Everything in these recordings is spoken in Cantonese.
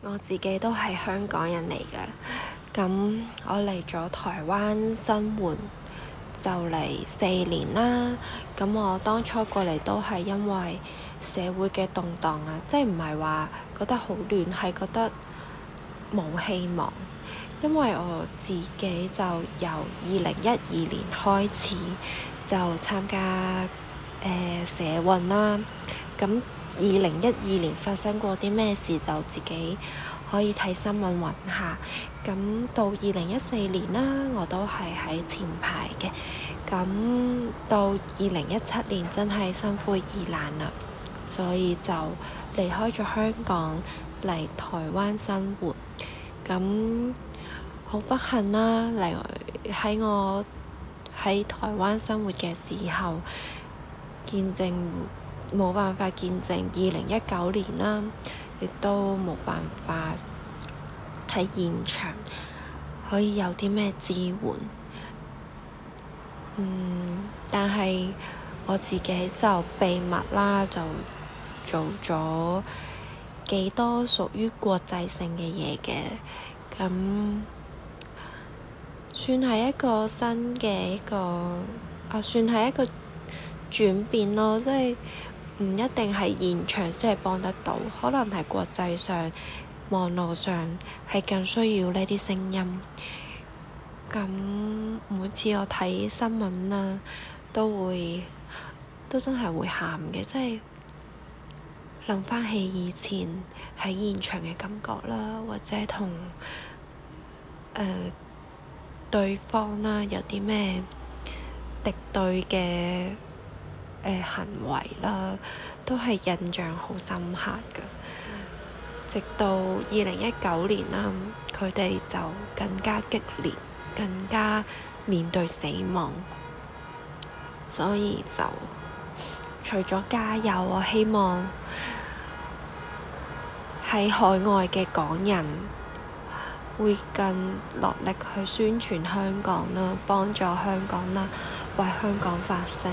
我自己都係香港人嚟㗎，咁我嚟咗台灣生活就嚟四年啦。咁我當初過嚟都係因為社會嘅動盪啊，即係唔係話覺得好亂，係覺得冇希望。因為我自己就由二零一二年開始就參加誒、呃、社運啦，咁。二零一二年發生過啲咩事就自己可以睇新聞揾下，咁到二零一四年啦，我都係喺前排嘅，咁到二零一七年真係心灰意冷啦，所以就離開咗香港嚟台灣生活，咁好不幸啦嚟喺我喺台灣生活嘅時候見證。冇辦法見證二零一九年啦，亦都冇辦法喺現場可以有啲咩支援。嗯，但係我自己就秘密啦，就做咗幾多屬於國際性嘅嘢嘅，咁算係一個新嘅一個啊，算係一個轉變咯，即係～唔一定係現場先係幫得到，可能係國際上、網絡上係更需要呢啲聲音。咁每次我睇新聞啦，都會都真係會喊嘅，即係諗翻起以前喺現場嘅感覺啦，或者同誒、呃、對方啦有啲咩敵對嘅。誒、呃、行為啦，都係印象好深刻㗎。直到二零一九年啦，佢哋就更加激烈，更加面對死亡，所以就除咗加油，我希望喺海外嘅港人會更落力去宣傳香港啦，幫助香港啦，為香港發聲。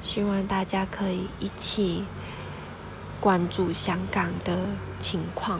希望大家可以一起關注香港的情況。